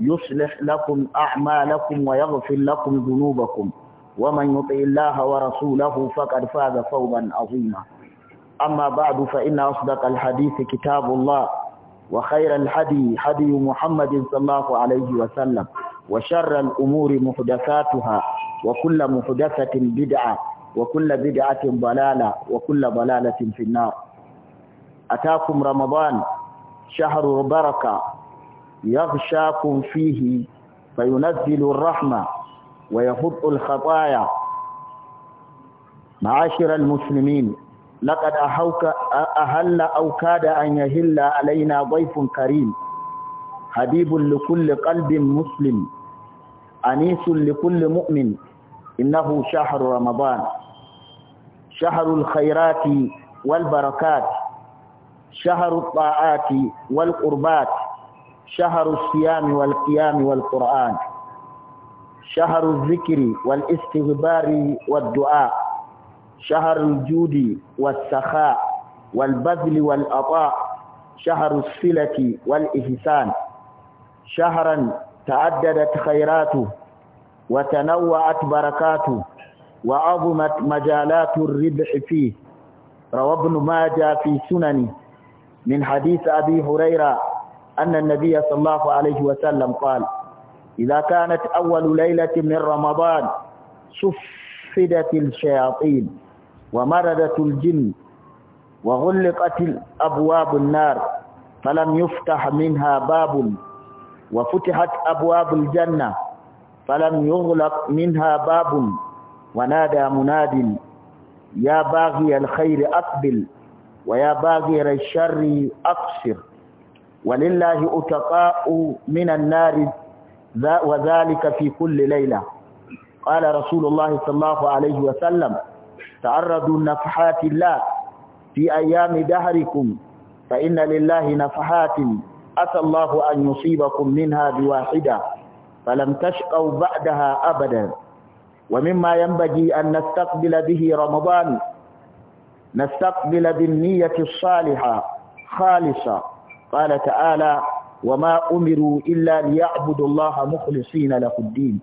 يصلح لكم أعمالكم ويغفر لكم ذنوبكم ومن يطع الله ورسوله فقد فاز فوزا عظيما أما بعد فإن أصدق الحديث كتاب الله وخير الحدي حدي محمد صلى الله عليه وسلم وشر الأمور محدثاتها وكل محدثة بدعة وكل بدعة ضلالة وكل ضلالة في النار أتاكم رمضان شهر بركة يغشاكم فيه فينزل الرحمة ويفض الخطايا معاشر المسلمين لقد أحوك أهل أو كاد أن يهل علينا ضيف كريم حبيب لكل قلب مسلم أنيس لكل مؤمن إنه شهر رمضان شهر الخيرات والبركات شهر الطاعات والقربات شهر الصيام والقيام والقرآن شهر الذكر والاستغبار والدعاء شهر الجود والسخاء والبذل والأطاء شهر الصلة والإحسان شهرا تعددت خيراته وتنوعت بركاته وعظمت مجالات الربح فيه روى ابن ماجه في سننه من حديث أبي هريرة أن النبي صلى الله عليه وسلم قال إذا كانت أول ليلة من رمضان سفدت الشياطين ومردت الجن وغلقت أبواب النار فلم يفتح منها باب وفتحت أبواب الجنة فلم يغلق منها باب ونادى مناد يا باغي الخير أقبل ويا باغي الشر أقصر ولله أتقاء من النار وذلك في كل ليلة قال رسول الله صلى الله عليه وسلم تعرضوا نفحات الله في أيام دهركم فإن لله نفحات أتى الله أن يصيبكم منها بواحدة فلم تشقوا بعدها أبدا ومما ينبغي أن نستقبل به رمضان نستقبل بالنية الصالحة خالصة قال تعالى وما أمروا إلا ليعبدوا الله مخلصين له الدين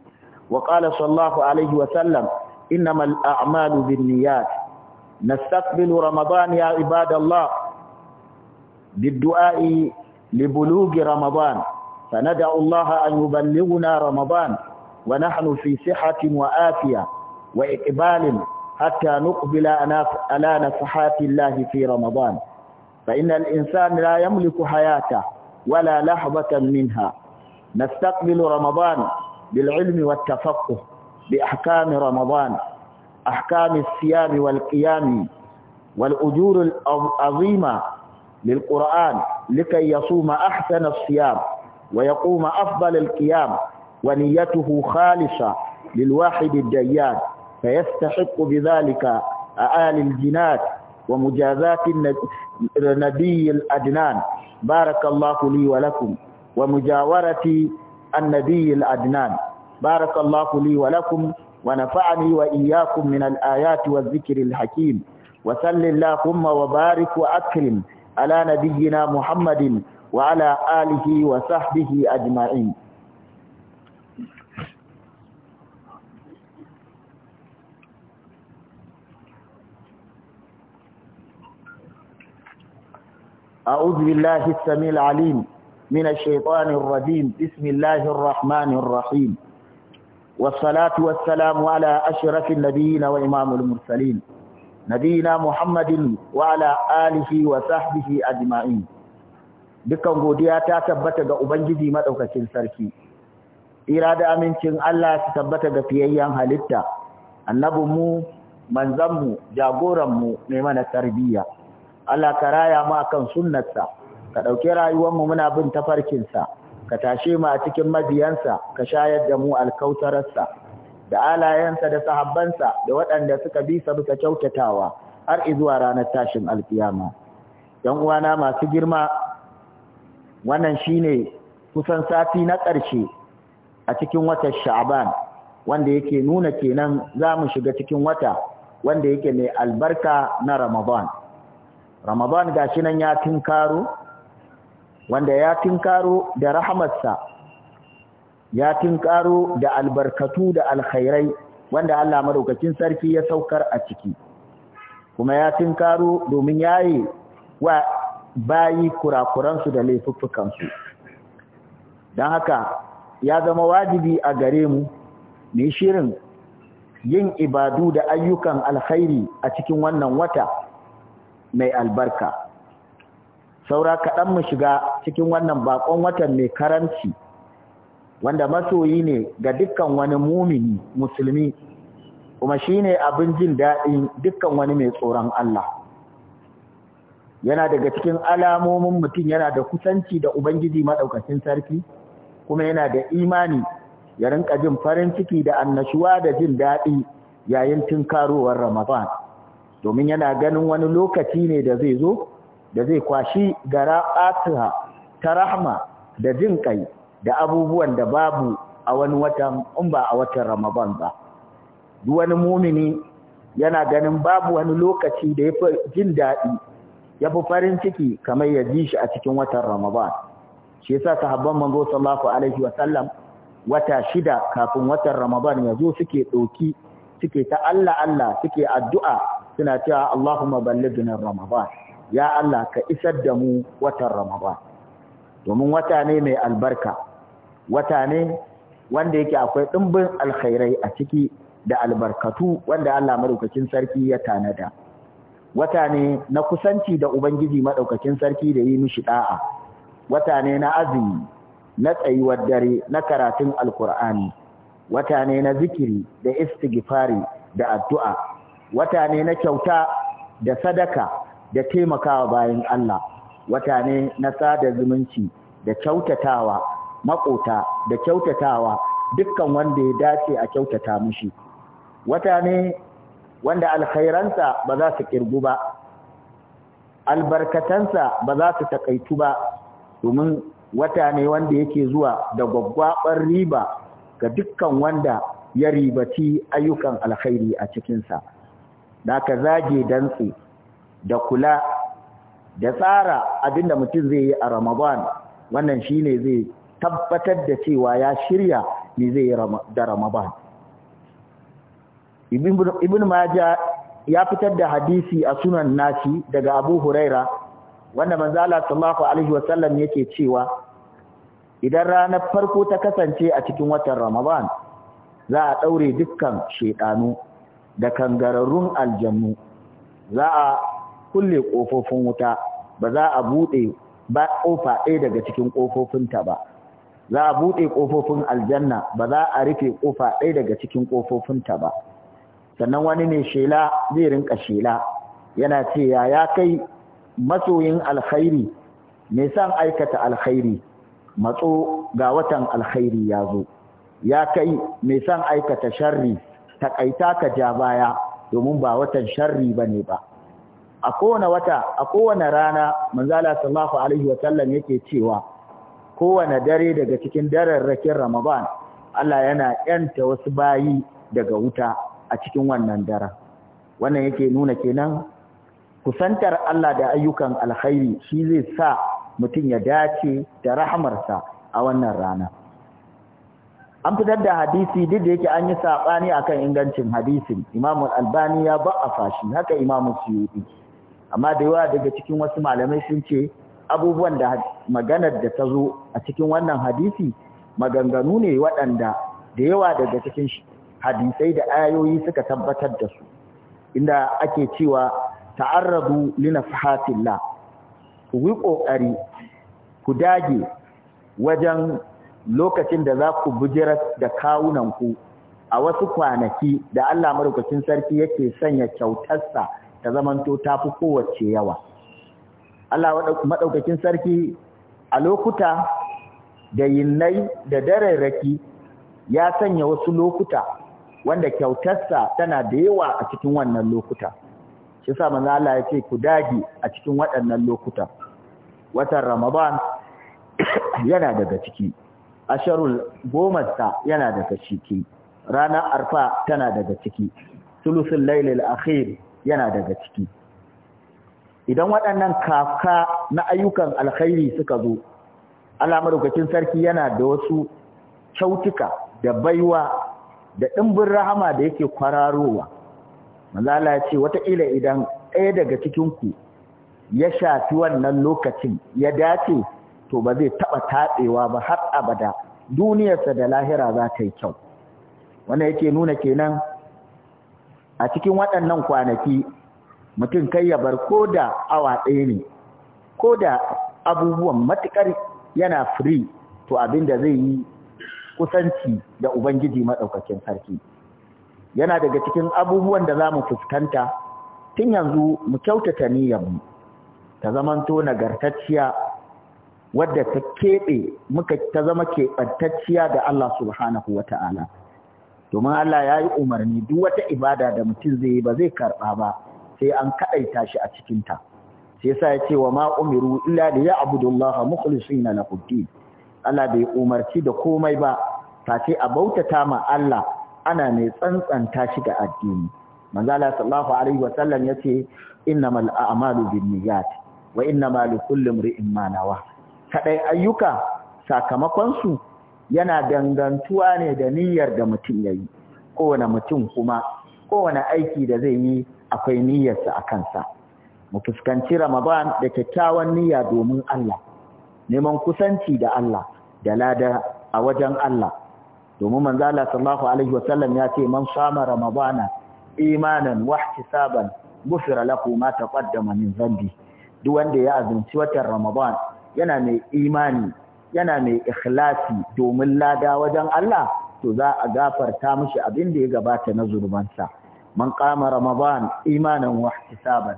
وقال صلى الله عليه وسلم إنما الأعمال بالنيات نستقبل رمضان يا عباد الله بالدعاء لبلوغ رمضان فندعو الله أن يبلغنا رمضان ونحن في صحة وآفية وإقبال حتى نقبل على نفحات الله في رمضان فإن الإنسان لا يملك حياته ولا لحظة منها نستقبل رمضان بالعلم والتفقه بأحكام رمضان أحكام الصيام والقيام والأجور العظيمة للقرآن لكي يصوم أحسن الصيام ويقوم أفضل القيام ونيته خالصة للواحد الديان فيستحق بذلك أعالي الجنات ومجازات النبي الأدنان بارك الله لي ولكم ومجاورة النبي الأدنان بارك الله لي ولكم ونفعني وإياكم من الآيات والذكر الحكيم وسل اللهم وبارك وأكرم على نبينا محمد وعلى آله وصحبه أجمعين أعوذ بالله السميع العليم من الشيطان الرجيم بسم الله الرحمن الرحيم والصلاة والسلام على أشرف النبيين وإمام المرسلين نبينا محمد وعلى آله وصحبه أجمعين dukkan godiya ta tabbata ga Ubangiji madaukakin sarki, ira da amincin Allah su tabbata ga fiyayyen halitta, annabinmu, manzanmu, jagoranmu mai mana tarbiyya. Allah ka raya mu akan sunnarsa ka dauke mu muna bin tafarkinsa ka tashe mu a cikin mabiyansa ka shayar da mu alkautararsa da alayensa da sahabbansa da waɗanda suka bi sa bisa kyautatawa har zuwa ranar tashin alkiyama yan uwana masu girma wannan shine kusan sati na ƙarshe a cikin watan sha'aban wanda yake nuna kenan za mu shiga cikin wata wanda yake mai albarka na ramadan Ramadan shi nan ya tinkaro wanda ya tinkaro da rahamarsa ya tinkaro da albarkatu da alkhairai wanda Allah madaukakin sarki ya saukar a ciki kuma ya tinkaro domin yayi wa bayi kurakuransu da su, don haka ya zama wajibi a gare mu mai shirin yin ibadu da ayyukan alkhairi a cikin wannan wata mai albarka saura kaɗan mu shiga cikin wannan baƙon watan mai karanci wanda masoyi ne ga dukkan wani mumini musulmi kuma shi ne abin jin daɗin dukkan wani mai tsoron Allah yana daga cikin alamomin mutum yana da kusanci da ubangiji maɗaukacin sarki kuma yana da imani ya rinka jin farin ciki da annashuwa da jin daɗi yayin tunkarowar Ramadan domin yana ganin wani lokaci ne da zai zo da zai kwashi gara'atuha ta rahma da jin kai da abubuwan da babu a wani watan in ba a watan Ramadan ba duk wani mumini yana ganin babu wani lokaci da yafi jin daɗi fi farin ciki kamar ya ji shi a cikin watan Ramadan shi yasa sahabban manzo sallallahu alaihi Sallam wata shida kafin watan Ramadan ya zo suke ɗauki suke ta Allah Allah suke addu'a suna cewa Allahumma ballighna Ramadan ya Allah ka isar da mu watan Ramadan domin wata ne mai albarka wata ne wanda yake akwai dimbin alkhairai a ciki da albarkatu wanda Allah madaukakin sarki ya tanada wata ne na kusanci da ubangiji madaukakin sarki da yi mishi da'a wata ne na azumi na tsayuwar dare na karatun alkur'ani wata ne na zikiri da istighfari da addu'a wata ne na kyauta da sadaka da taimakawa bayan Allah wata ne na sada zumunci da kyautatawa makota da kyautatawa dukkan wanda ya dace a kyautata mushi wata ne wanda alkhairansa ba za su kirgu ba albarkatansa ba za su takaitu ba domin wata ne wanda yake zuwa da gwaggwabar riba ga dukkan wanda ya ribaci ayyukan alkhairi a cikinsa da ka zage dantse da kula da tsara abinda mutum zai yi a Ramadan wannan shine zai tabbatar da cewa ya shirya ne zai yi da Ramadan Ibn Majah ya fitar da hadisi a sunan nashi daga Abu Huraira wanda manzo Allah sallallahu alaihi wasallam yake cewa idan ranar farko ta kasance a cikin watan Ramadan za a daure dukkan shaiɗanu. da kangararrun aljannu za a kulle ƙofofin wuta ba za a buɗe ba ƙofa ɗaya daga cikin ƙofofinta ba za a buɗe ƙofofin aljanna ba za a rufe ƙofa ɗaya daga cikin ƙofofinta ba sannan wani ne shela zai rinka shela yana ce ya ya kai masoyin alkhairi me san aikata alkhairi matso ga watan alkhairi ya zo ya kai me san aikata sharri takaita ka ja baya domin ba watan sharri bane ba a kowane wata a kowane rana manzala sallallahu alaihi wa sallam yake cewa kowane dare daga cikin dararrakin ramadan Allah yana yanta wasu bayi daga wuta a cikin wannan daren wannan yake nuna kenan kusantar Allah da ayyukan alkhairi shi zai sa mutum ya dace da rahamarsa a wannan rana an fitar da hadisi duk da yake an yi saɓani akan ingancin hadisin imamun albani ya a fashi, haka imamun suyuɗi amma da yawa daga cikin wasu malamai sun ce abubuwan da maganar da ta zo a cikin wannan hadisi maganganu ne waɗanda da yawa daga cikin hadisai da ayoyi suka tabbatar da su inda ake cewa ta'arrabu ta'arradu linafhatillah ku yi ƙoƙari ku dage wajen lokacin da za ku bujira da kawunanku a wasu kwanaki da Allah marukacin sarki yake sanya kyautarsa ta zamanto ta fi kowace yawa. Allah maɗaukakin sarki a lokuta da yinnai da dararraki ya sanya wasu lokuta wanda kyautarsa tana da yawa a cikin wannan lokuta. Shi sa manzo Allah ya ce ku dage a cikin waɗannan lokuta. Watan Ramadan yana daga ciki. asharul gomarsa yana daga ciki ranar arfa tana daga ciki sulusun lailil akhir yana daga ciki idan waɗannan kaka na ayyukan alkhairi suka zo Allah madaukakin sarki yana da wasu kyautuka da baiwa da ɗimbin rahama da yake kwararowa manzo ya ce wataƙila idan ɗaya daga cikin ku ya shafi wannan lokacin ya dace to ba zai taɓa tatsewa ba har abada duniyarsa da lahira za ta yi kyau wannan yake nuna kenan a cikin waɗannan kwanaki mutum kai ya bar ko da awa ɗaya ne ko da abubuwan matuƙar yana free to abin da zai yi kusanci da ubangiji maɗaukakin sarki yana daga cikin abubuwan da za mu fuskanta tun yanzu mu kyautata niyyar mu ta zamanto nagartacciya wadda ta keɓe muka ta zama keɓantacciya da Allah subhanahu wa ta'ala. Domin Allah ya yi umarni duk wata ibada da mutum zai yi ba zai karɓa ba sai an kaɗaita shi a cikinta. Sai sa ya ce wa ma umaru, illa da ya abudullaha mukhlisina lahu Allah bai umarci da komai ba ta ce a bautata ma Allah ana mai tsantsanta shi ga addini. Manzo Allah sallallahu alaihi wa sallam yace innamal a'malu niyyat wa innamal kullum imri'in ma nawa. kaɗai ayyuka sakamakonsu yana dangantuwa ne da niyyar da mutum ya yi, kowane mutum kuma, kowane aiki da zai yi akwai niyyarsa a kansa. Mu fuskanci Ramadan da kyakkyawan niyya domin Allah, neman kusanci da Allah, da lada a wajen Allah. Domin manzala sallallahu Alaihi wasallam ya ce, "Man sama Ramadana, imanan wahtisaban, gufira lahu ma taqaddama min zambi." Duk wanda ya azumci watan Ramadan yana mai imani yana mai ikhlasi domin lada wajen Allah to za a gafarta mishi abin da ya gabata na zurbansa man qama ramadan imanan wa ihtisaban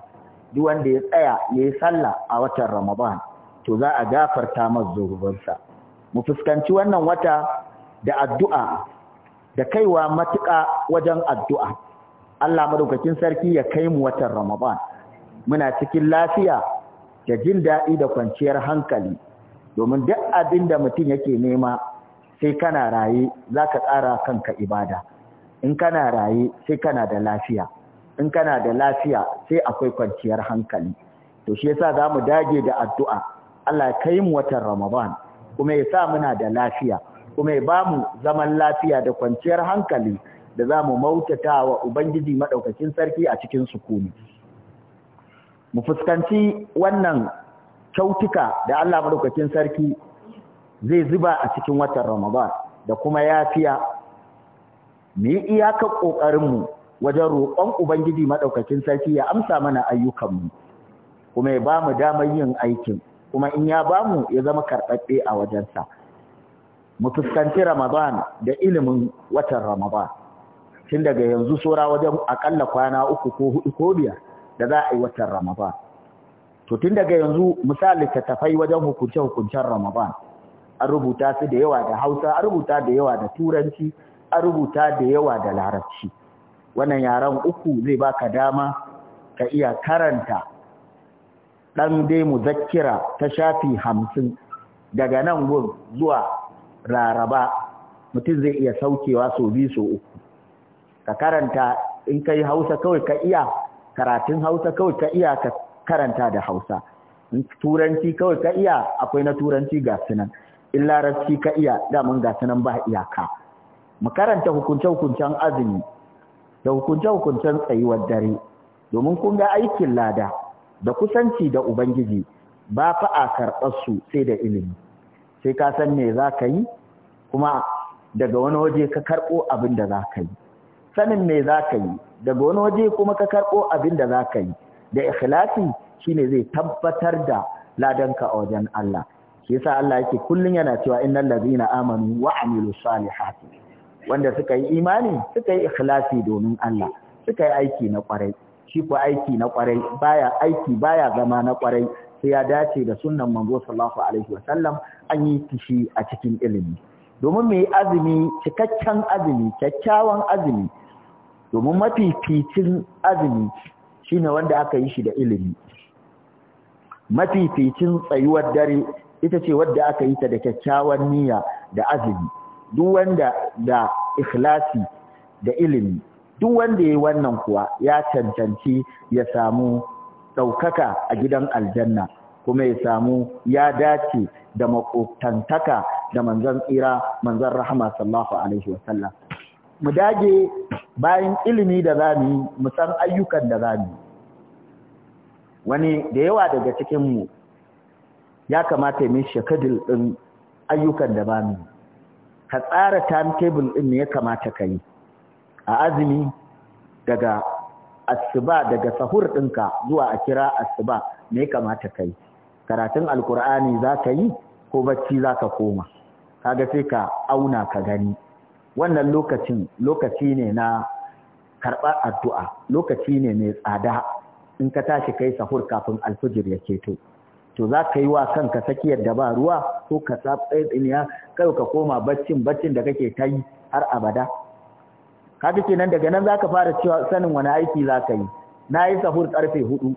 duk wanda ya tsaya yayi sallah a watan ramadan to za a gafarta masa zurbansa mu fuskanci wannan wata da addu'a da kaiwa matuƙa wajen addu'a Allah madaukakin sarki ya kai mu watan ramadan muna cikin lafiya da jin daɗi da kwanciyar hankali domin duk abin da mutum yake nema sai kana raye za ka tsara kanka ibada in kana raye sai kana da lafiya in kana da lafiya sai akwai kwanciyar hankali to shi yasa za mu dage da addu'a Allah ya kai mu watan Ramadan kuma ya sa muna da lafiya kuma ya bamu zaman lafiya da kwanciyar hankali da za mu mautata wa Ubangiji maɗaukakin sarki a cikin sukuni. mu fuskanci wannan kyautuka da Allah madaukakin sarki zai zuba a cikin watan Ramadan da kuma yafiya mu yi iyakar ƙoƙarinmu wajen roƙon Ubangiji madaukakin sarki ya amsa mana ayyukanmu kuma ya ba mu damar yin aikin kuma in ya ba mu ya zama karɓaɓɓe a wajensa mu fuskanci Ramadan da ilimin watan Ramadan tun daga yanzu sora wajen akalla kwana uku ko hudu ko biyar da za a yi watan Ramadan. To tun daga yanzu misali ta tafai wajen hukunce-hukuncen Ramadan, an rubuta su da yawa da Hausa, an rubuta da yawa da Turanci, an rubuta da yawa da Larabci. Wannan yaren uku zai baka dama ka iya karanta ɗan dai mu zakkira ta shafi hamsin daga nan gun zuwa raraba mutum zai iya saukewa sau biyu sau uku. Ka karanta in ka yi Hausa kawai ka iya karatun Hausa kawai ka iya ka karanta da Hausa turanci kawai ka iya akwai na turanci ga sunan in larabci ka iya daman ga sunan ba iyaka mu karanta hukunce-hukuncen azumi da hukunce-hukuncen tsayuwar dare domin kun ga aikin lada da kusanci da ubangiji ba fa a karɓar su sai da ilimi sai ka san me za ka yi kuma daga wani waje ka karɓo abin da za ka yi sanin me za ka yi daga wani waje kuma ka karɓo abin da za ka yi da ikhlasi shine zai tabbatar da ladanka a wajen Allah shi yasa Allah yake kullun yana cewa innal ladina amanu wa amilu salihati wanda suka yi imani suka yi ikhlasi domin Allah suka yi aiki na kwarai shi ko aiki na kwarai baya aiki baya zama na kwarai sai ya dace da sunnan manzo sallallahu alaihi wa sallam an yi kishi a cikin ilimi domin mai azumi cikakken azumi kyakkyawan azumi domin mafificin azumi shine wanda aka yi shi da ilimi mafificin tsayuwar dare ita ce wadda aka yi ta da kyakkyawan niyya da azumi duk wanda da ikhlasi da ilimi duk wanda yi wannan kuwa ya cancanci ya samu ɗaukaka a gidan aljanna kuma ya samu ya dace da makotantaka da manzon tsira manzon rahama sallallahu alaihi wasallam mu dage bayan ilimi da zamu yi mu san ayyukan da zamu yi wani da yawa daga cikin mu ya kamata mu shakadil din ayyukan da zamu yi ka tsara timetable din ne ya kamata ka yi a azumi daga asuba daga sahur ɗinka zuwa a kira asuba ne ya kamata ka yi karatun alkur'ani za ka yi ko bacci za ka koma kaga sai ka auna ka gani wannan lokacin lokaci ne na karɓar addu'a lokaci ne mai tsada in ka tashi kai sahur kafin alfijir ya keto to za ka yi wa kanka tsakiyar da ba ruwa ko ka tsaye tsiniya kai ka koma baccin baccin da kake ta yi har abada Ka kaga kenan daga nan za ka fara cewa sanin wani aiki za ka yi na yi sahur karfe hudu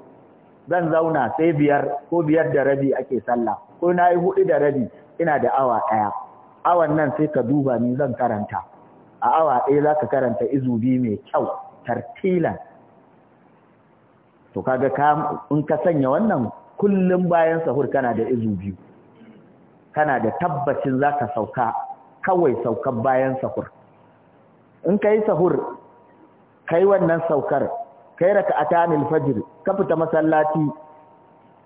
zan zauna sai biyar ko biyar da rabi ake sallah ko na yi hudu da rabi ina da awa ɗaya awan nan sai ka duba ni zan karanta a awa ɗaya za ka karanta izubi mai kyau tartilan to kaga ka in ka sanya wannan kullum bayan sahur kana da izubi, biyu kana da tabbacin za ka sauka kawai saukar bayan sahur in ka yi sahur ka yi wannan saukar ka yi raka atanil fajir ka fita masallaci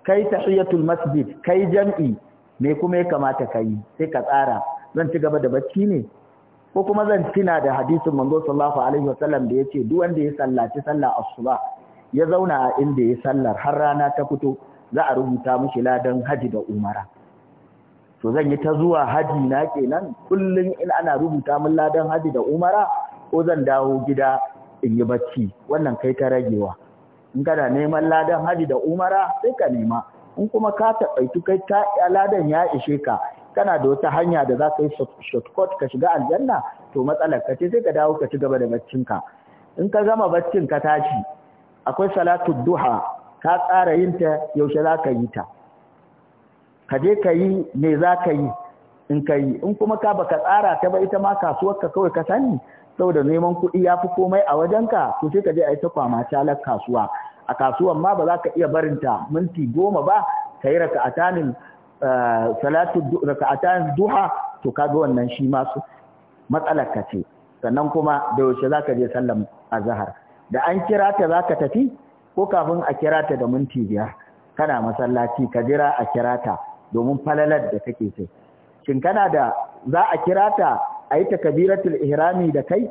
ka yi tahiyatul masjid ka yi jam'i me kuma ya kamata ka yi sai ka tsara zan ci gaba da bacci ne ko kuma zan tuna da hadisin manzo sallallahu alaihi wasallam da yace duk wanda ya sallaci sallah asuba ya zauna a inda ya sallar har rana ta fito za a rubuta mishi ladan haji da umara to zan yi ta zuwa haji na kenan kullun in ana rubuta min ladan haji da umara ko zan dawo gida in yi bacci wannan kai ta ragewa in kana neman ladan haji da umara sai ka nema in kuma ka taɓaitu kai ta ladan ya ishe ka kana da wata hanya da za ka yi shortcut ka shiga aljanna to matsalar ka ce sai ka dawo ka ci gaba da baccinka in ka gama baccin ka tashi akwai salatu duha ka tsara yin ta yaushe za ka yi ta ka je ka yi me za ka yi in ka yi in kuma ka baka tsara ta ba ita ma kasuwar ka kawai ka sani saboda neman kuɗi ya fi komai a wajenka to sai ka je a yi ta kwama talar kasuwa a kasuwan ma ba za ka iya barinta minti goma ba ka yi raka a tanin Eh, salatu raka'atan duha to kaga wannan shi ma su matsalar ka ce sannan kuma da yaushe zaka je sallan azhar da an kira ta zaka tafi ko kafin a kira ta da minti biyar kana masallaci ka jira a kira ta domin falalar da take ce shin kana da za a kira ta a yi takabiratul ihrami da kai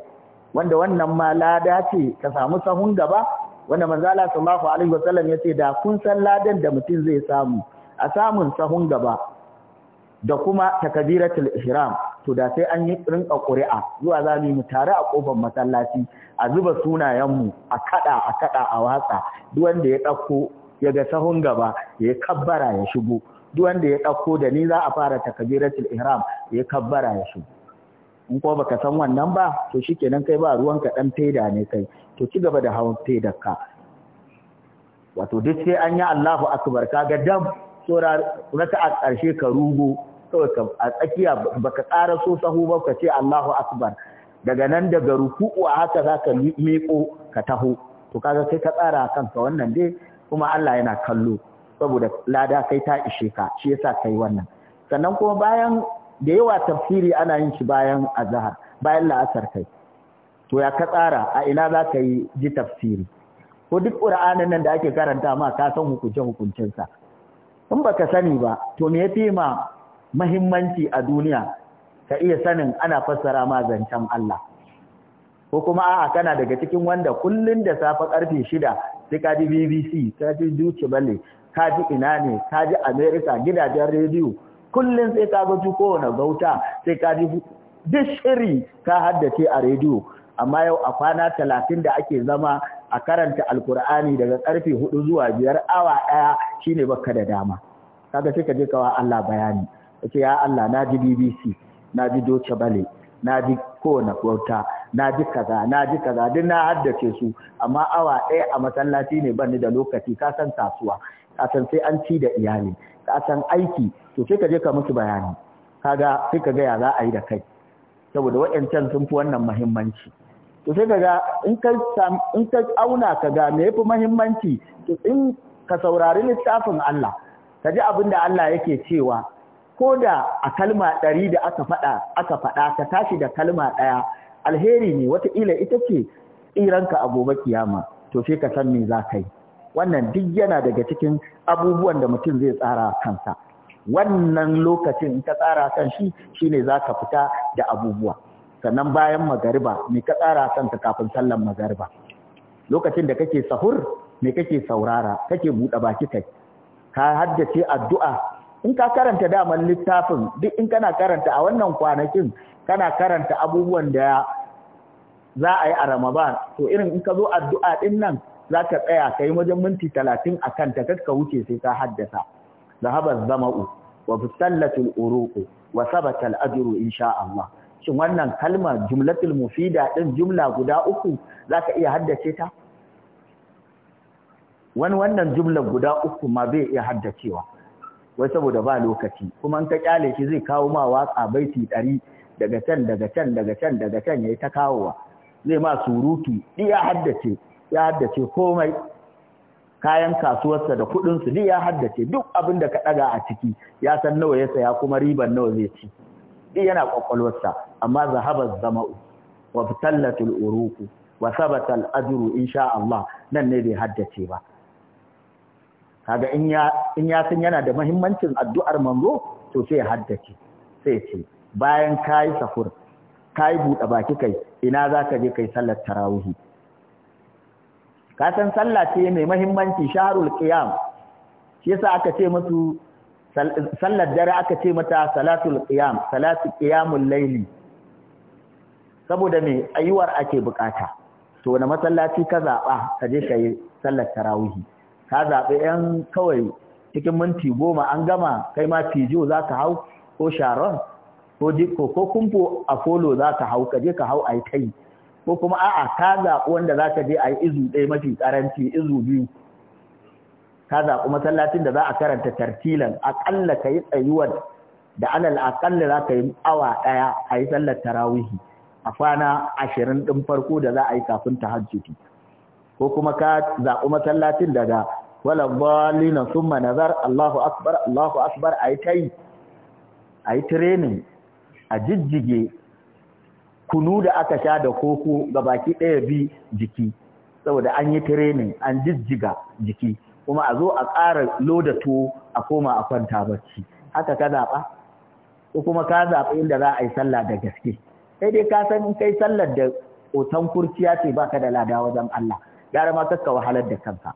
wanda wannan ma lada ce ka samu sahun gaba wanda manzo Allah sallallahu alaihi wasallam ce da kun san ladan da mutum zai samu a samun sahun gaba da kuma takabiratul ihram to da sai an yi rinka ƙuri'a zuwa za mu tare a kofar masallaci a zuba sunayen mu a kada a kada a watsa duk wanda ya dauko ya ga sahun gaba ya kabbara ya shigo duk wanda ya dauko da ni za a fara takabiratul ihram ya kabbara ya shigo in ko baka san wannan ba to shikenan kai ba ruwan ka dan faida ne kai to ci gaba da hawan faidar ka wato duk sai an yi Allahu akbar kaga dam saura a ƙarshe ka rugo kawai ka a tsakiya baka tsara so sahu ba ka ce Allahu akbar daga nan daga ruku'u a haka ka miƙo ka taho to kaga sai ka tsara kanka wannan dai kuma Allah yana kallo saboda lada kai ta ishe ka shi yasa kai wannan sannan kuma bayan da yawa tafsiri ana yin shi bayan azhar bayan la'asar kai to ya ka tsara a ina za ka yi ji tafsiri ko duk ƙura'anin nan da ake karanta ma ka san hukunce hukuncensa in ba ka sani ba to me yafi ma muhimmanci a duniya ka iya sanin ana fassara ma zancen Allah ko kuma a'a kana daga cikin wanda kullun da safe karfe shida sai ka ji BBC ka ji Deutsche Bale ka ji ina ne ka ji America gidajen rediyo kullun sai ka ga kowane gauta sai ka ji dishiri ka haddace a rediyo amma yau a kwana talatin da ake zama a karanta alkur'ani daga karfe hudu zuwa biyar awa ɗaya shine baka da dama kaga sai ka je kawa Allah bayani kace ya Allah na ji BBC na ji Deutsche Welle na ji kowane kwauta na ji kaza na ji kaza duk na haddace su amma awa ɗaya a masallaci ne ban da lokaci ka san tasuwa, ka san sai an ci da iyali ka san aiki to sai ka je ka musu bayani kaga sai ka ga ya za a yi da kai saboda waɗancan sun fi wannan muhimmanci to sai kaga in ka in ka auna kaga me yafi muhimmanci in ka saurari littafin Allah ka ji abin da Allah yake cewa ko da a kalma ɗari da aka faɗa aka faɗa ka tashi da kalma ɗaya alheri ne wataƙila ita ce tsiranka a gobe kiyama to sai ka san me za ka yi wannan duk yana daga cikin abubuwan da mutum zai tsara kansa wannan lokacin ta tsara kan shi ne za ka fita da abubuwa sannan bayan magariba me ka tsara kanka kafin sallan magariba lokacin da kake sahur me kake saurara kake buɗe baki kai ka haddace addu'a in ka karanta daman littafin duk in kana karanta a wannan kwanakin kana karanta abubuwan da za a yi a Ramadan to irin in ka zo addu'a din nan za ka tsaya kai wajen minti talatin a kanta kar ka wuce sai ka haddasa zahabar zama'u wa fusallatul Uruku wa sabata ajru insha Allah shin wannan kalma jumlatul mufida din jumla guda uku zaka iya haddace ta wani wannan jumla guda uku ma bai iya haddacewa wai saboda ba lokaci kuma in ka kyale shi zai kawo ma waka baiti 100 daga can daga can daga can daga can yayi ta kawowa zai ma surutu iya haddace ya haddace komai kayan kasuwarsa da kuɗinsu su ya haddace duk abin da ka ɗaga a ciki ya san nawa ya saya kuma riban nawa zai ci duk yana kwakwalwarsa amma zahabar zama'u wa fitallatul uruku wa sabatal al'ajru insha Allah nan ne bai haddace ba kaga in ya in ya san yana da muhimmancin addu'ar manzo to sai ya haddace sai ce bayan kai safur kai buɗe baki kai ina zaka je kai sallar tarawihi ka san sallah ce mai muhimmanci shahrul qiyam shi yasa aka ce musu sallar dare aka ce mata salatul qiyam salatu qiyamul layli saboda mai tsayuwar ake bukata to wani masallaci ka zaɓa ka je ka yi sallar tarawihi ka zaɓi yan kawai cikin minti goma an gama kai ma fijo za ka hau ko sharon ko dikko ko kumfo a folo za ka hau ka je ka hau a yi kai ko kuma a'a ka zaɓi wanda za ka je a yi izu ɗaya mafi ƙaranci izu biyu ka zaɓi masallacin da za a karanta tartilan aƙalla ka yi tsayuwar da alal aƙalla za ka yi awa ɗaya a yi sallar tarawihi a kwana ashirin ɗin farko da za a yi kafin ta tahajjudi ko kuma ka zaɓi masallacin daga wala na summa nazar Allahu akbar Allahu akbar a yi training a jijjige kunu da aka sha da koko ga baki ɗaya bi jiki saboda an yi training an jijjiga jiki kuma a zo a ƙara loda tuwo a koma a kwanta bacci haka ka zaɓa ko kuma ka zaɓa inda za a yi sallah da gaske sai dai ka san in kai sallar da otan kurciya ce baka da lada wajen Allah gara ma kakka wahalar da kanka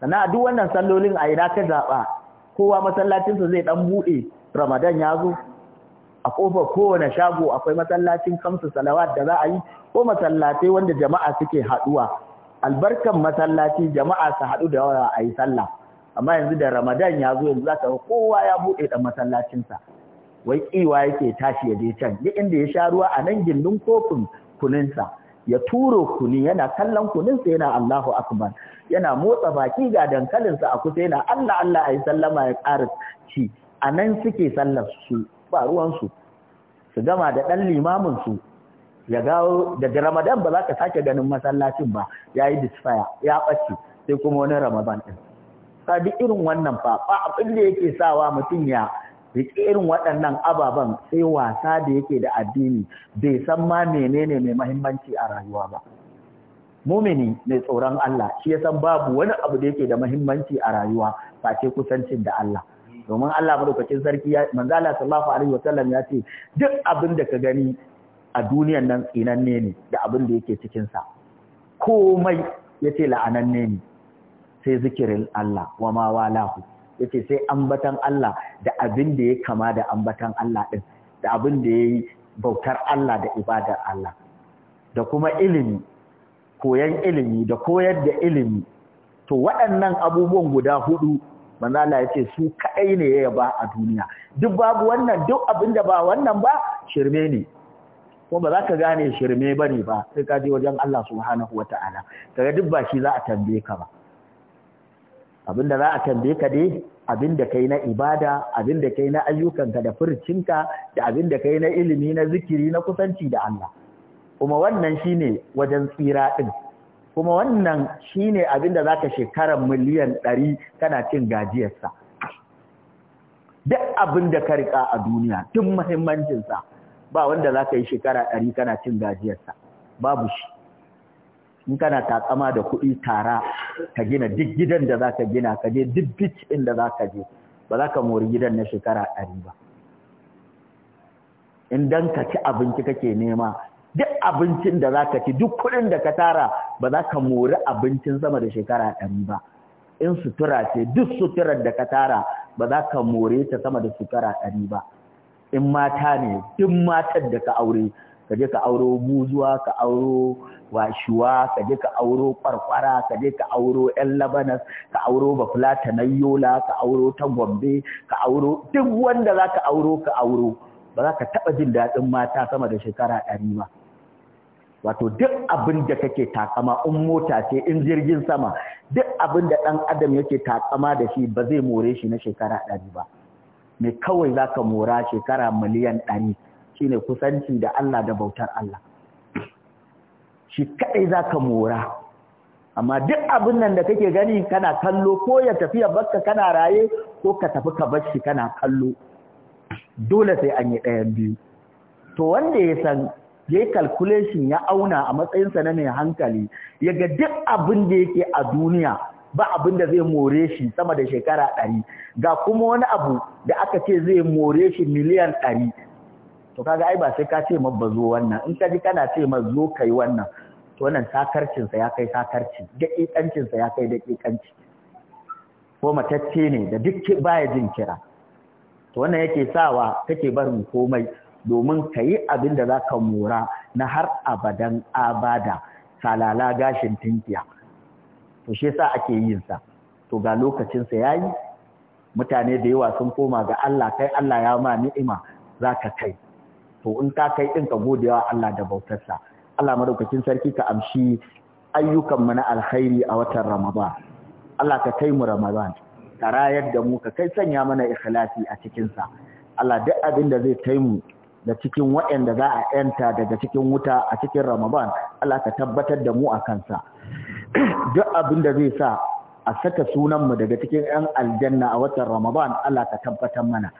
sannan a duk wannan sallolin a ina ka zaɓa kowa masallacinsa zai ɗan buɗe ramadan ya zo a kofar kowane shago akwai masallacin kamsu salawat da za a yi ko masallatai wanda jama'a suke haɗuwa albarkan masallaci jama'a su haɗu da yawa a yi sallah amma yanzu da ramadan ya zo yanzu za ka kowa ya buɗe ɗan masallacinsa wai kiwa yake tashi ya je can duk inda ya sha ruwa a nan gindin kofin kuninsa ya turo kuni yana kallon kuninsa yana Allahu akbar yana motsa baki ga dankalinsa a kusa yana Allah Allah ayi sallama ya ƙara ci a nan suke sallar su ba ruwansu su gama da ɗan limamin su ya gawo daga Ramadan ba za ka sake ganin masallacin ba yayi disfaya ya ɓace sai kuma wani Ramadan din ka duk irin wannan fa ba abin da yake sawa mutum ya Rike irin waɗannan ababen sai wasa da yake da addini bai san ma menene mai mahimmanci a rayuwa ba mumini mai tsoron Allah shi ya san babu wani abu da yake da mahimmanci a rayuwa face kusancin da Allah domin Allah madaukakin sarki ya manzo Allah sallallahu alaihi wa sallam ya ce duk abin da ka gani a duniyan nan tsinanne ne da abin da yake cikin sa komai yace la'ananne ne sai zikirin Allah wa ma walahu yace sai ambatan Allah da abin da ya kama da ambatan Allah ɗin, da abin da yayi bautar Allah da ibadar Allah da kuma ilimi koyan ilimi da koyar da ilimi to waɗannan abubuwan guda hudu manzo Allah yace su kaɗai ne ya yaba a duniya duk babu wannan duk abin da ba wannan ba shirme ne kuma ba za ka gane shirme bane ba sai ka je wajen Allah subhanahu wataala kaga duk ba shi za a tambaye ka ba abinda za a tambaye ka dai abin da kai na ibada abin da kai na ayyukanka da furcinka da abin da kai na ilimi na zikiri na kusanci da Allah kuma wannan shine wajen tsira din kuma wannan shine abinda zaka shekarar miliyan 100 kana cin gajiyarsa duk da ka rika a duniya tun muhimmancin sa ba wanda zaka yi shekara 100 kana cin gajiyarsa babu shi in kana takama da kuɗi tara ka gina duk gidan da za ka gina ka je duk bit ɗin da za ka je ba za ka mori gidan na shekara ɗari ba in dan ka ci abinci kake nema duk abincin da za ka ci duk kuɗin da ka tara ba za ka mori abincin sama da shekara ɗari ba in sutura ce duk suturar da ka tara ba za ka more ta sama da shekara ɗari ba in mata ne duk matar da ka aure ka je ka auro buzuwa ka auro washuwa ka je ka auro kwarkwara ka je ka auro yan labanas ka auro bafula na yola ka auro ta gombe ka auro duk wanda za ka auro ka auro ba za ka taɓa jin daɗin mata sama da shekara ɗari ba wato duk abin da kake takama in mota ce in jirgin sama duk abin da ɗan adam yake takama da shi ba zai more shi na shekara ɗari ba me kawai za ka mora shekara miliyan ɗari ne kusanci da Allah da bautar Allah shi kaɗai za ka mora amma duk abin nan da kake gani kana kallo ko ya tafi ya baka kana raye ko ka tafi ka bar shi kana kallo dole sai an yi ɗayan biyu to wanda ya san ya yi calculation ya auna a matsayinsa na mai hankali ya ga duk abin da yake a duniya ba abin da zai more shi sama da shekara ɗari ga kuma wani abu da aka ce zai more shi miliyan ɗari to kaga ai ba sai ka ce mabba zo wannan in ka ji kana ce ma zo kai wannan to wannan sakarcin sa ya kai sakarci daƙiƙancin sa ya kai daƙiƙanci ko matacce ne da duk baya jin kira to wannan yake sawa kake barin komai domin ka abin da za ka mora na har abadan abada salala gashin tinkiya to shi yasa ake yin sa to ga lokacinsa yayi mutane da yawa sun koma ga Allah kai Allah ya ma ni'ima za ka kai to in ka kai din ka gode wa Allah da bautarsa Allah madaukakin sarki ka amshi ayyukan mu na alkhairi a watan Ramadan Allah ka kai mu Ramadan ka rayar da mu ka kai sanya mana ikhlasi a cikin sa Allah duk abin da zai kai mu da cikin waɗanda za a yanta daga cikin wuta a cikin Ramadan Allah ka tabbatar da mu a kansa duk abin da zai sa a saka sunanmu daga cikin 'yan aljanna a watan Ramadan Allah ka tabbatar mana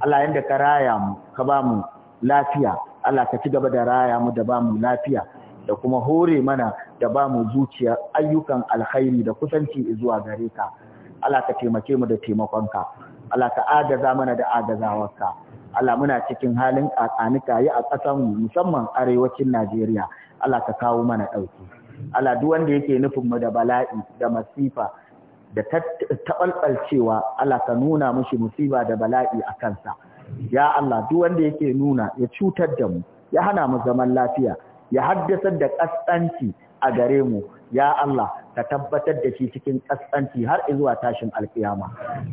Allah yanda ka raya mu ka ba mu lafiya Allah ka ci gaba da raya mu da ba mu lafiya da kuma hore mana da ba mu zuciya ayyukan alkhairi da kusanci zuwa gare ka Allah ka taimake mu da taimakonka Allah ka agaza mana da agazawarka Allah muna cikin halin kakanika yi a mu musamman arewacin Najeriya Allah ka kawo mana ɗauki Allah duk wanda yake nufin mu da bala'i da masifa da taɓalɓalcewa Allah ka nuna mushi musiba da bala'i a kansa ya Allah duk wanda yake nuna ya cutar da mu ya hana mu zaman lafiya ya haddasar da kaskanci a gare mu ya Allah ka tabbatar da shi cikin kaskanci har zuwa tashin alkiyama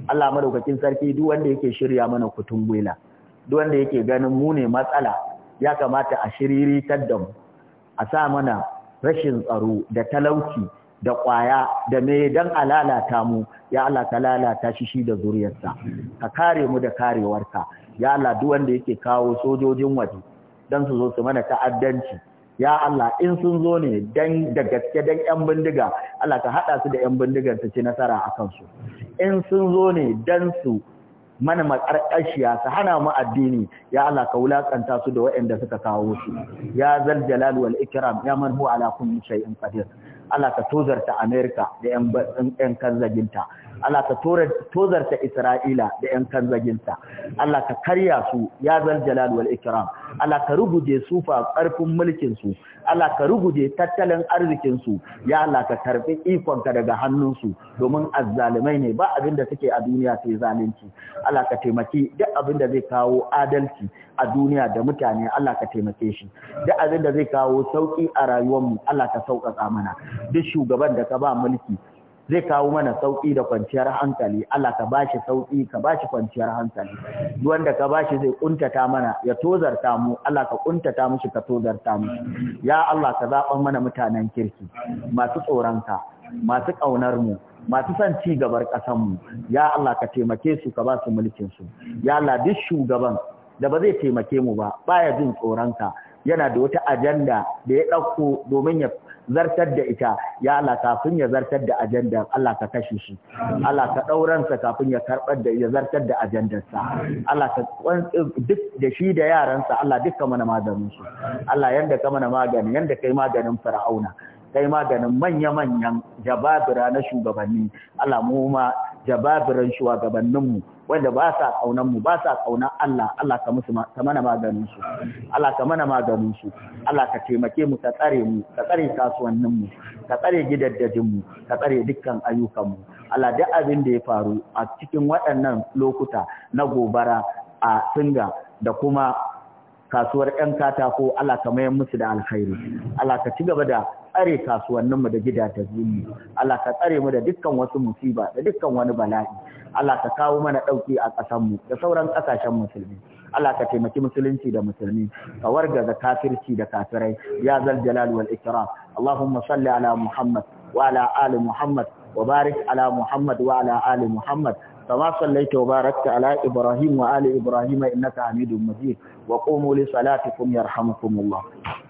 Allah madaukakin sarki duk wanda yake shirya mana kutun gwela duk wanda yake ganin mu ne matsala ya kamata a shiriritar da mu a sa mana rashin tsaro da talauci da ƙwaya da me dan a lalata mu ya Allah ka lalata shi shi da zuriyarsa ka kare mu da karewarka ya Allah duk wanda yake kawo sojojin waje dan su zo su mana ta'addanci ya Allah in sun zo ne dan da gaske dan yan bindiga Allah ka hada su da yan bindigan su ci nasara akan su in sun zo ne dan su mana makarƙashiya su hana mu addini ya Allah ka wulakanta su da waɗanda suka kawo su ya zal jalal wal ikram ya man huwa ala kulli shay'in qadir Allah ka tozarta America da yan yan kanzaginta Allah ka tozarta Isra'ila da ‘yan kanzaginta, Allah ka karya su ya zal jalal wal ikram, Allah ka ruguje sufa fa ƙarfin mulkinsu, Allah ka ruguje tattalin arzikinsu, ya Allah ka karɓi ikonka daga hannun su. domin azzalumai ne ba abin da suke a duniya sai zalunci. Allah ka taimaki duk abin da zai kawo adalci a duniya da mutane Allah ka taimake shi, duk abin da zai kawo sauƙi a rayuwar mu. Allah ka sauƙaƙa mana, duk shugaban da ka ba mulki zai kawo mana sauki da kwanciyar hankali Allah ka bashi sauki ka bashi kwanciyar hankali duk wanda ka bashi zai kuntata mana ya tozarta mu Allah ka kuntata mushi ka tozarta mu ya Allah ka zaban mana mutanen kirki masu tsoronka masu kaunar mu masu son ci gabar ƙasar mu ya Allah ka taimake su ka ba su mulkin su ya Allah duk shugaban da ba zai taimake mu ba baya jin tsoron ka yana da wata ajanda da ya ɗauko domin ya zartar da ita ya Allah kafin ya zartar da ajandar Allah ka kashe shi Allah ka ɗauransa kafin ya karɓar da ya zartar da ajandarsa Allah ka duk da shi da yaransa Allah ka mana maganin su Allah yanda ka mana magani yanda kai maganin fir'auna kai maganin manya-manyan jababira na shugabanni Allah mu ma jababiran shugabanninmu wanda ba sa kaunan mu ba sa kaunan Allah Allah ka musu ka mana maganin su Allah ka mana maganin su Allah ka taimake mu ka tsare mu ka tsare kasuwannin mu ka tsare gidaddajin mu ka tsare dukkan ayyukan mu Allah duk abin da ya faru a cikin waɗannan lokuta na gobara a singa da kuma kasuwar 'yan katako Allah ka mayar musu da alkhairi Allah ka ci gaba da tsare kasuwanninmu da gidajenmu Allah ka tsare mu da dukkan wasu musiba da dukkan wani bala'i Allah ka kawo mana ɗauki a ƙasanmu da sauran ƙasashen musulmi Allah ka taimaki musulunci da musulmi ka wargaza kafirci da kafirai ya zal jalal wal ikram Allahumma salli ala Muhammad wa ala ali Muhammad wa barik ala Muhammad wa ala ali Muhammad كما صليت وباركت على إبراهيم وآل إبراهيم إنك حميد مجيد وقوموا لصلاتكم يرحمكم الله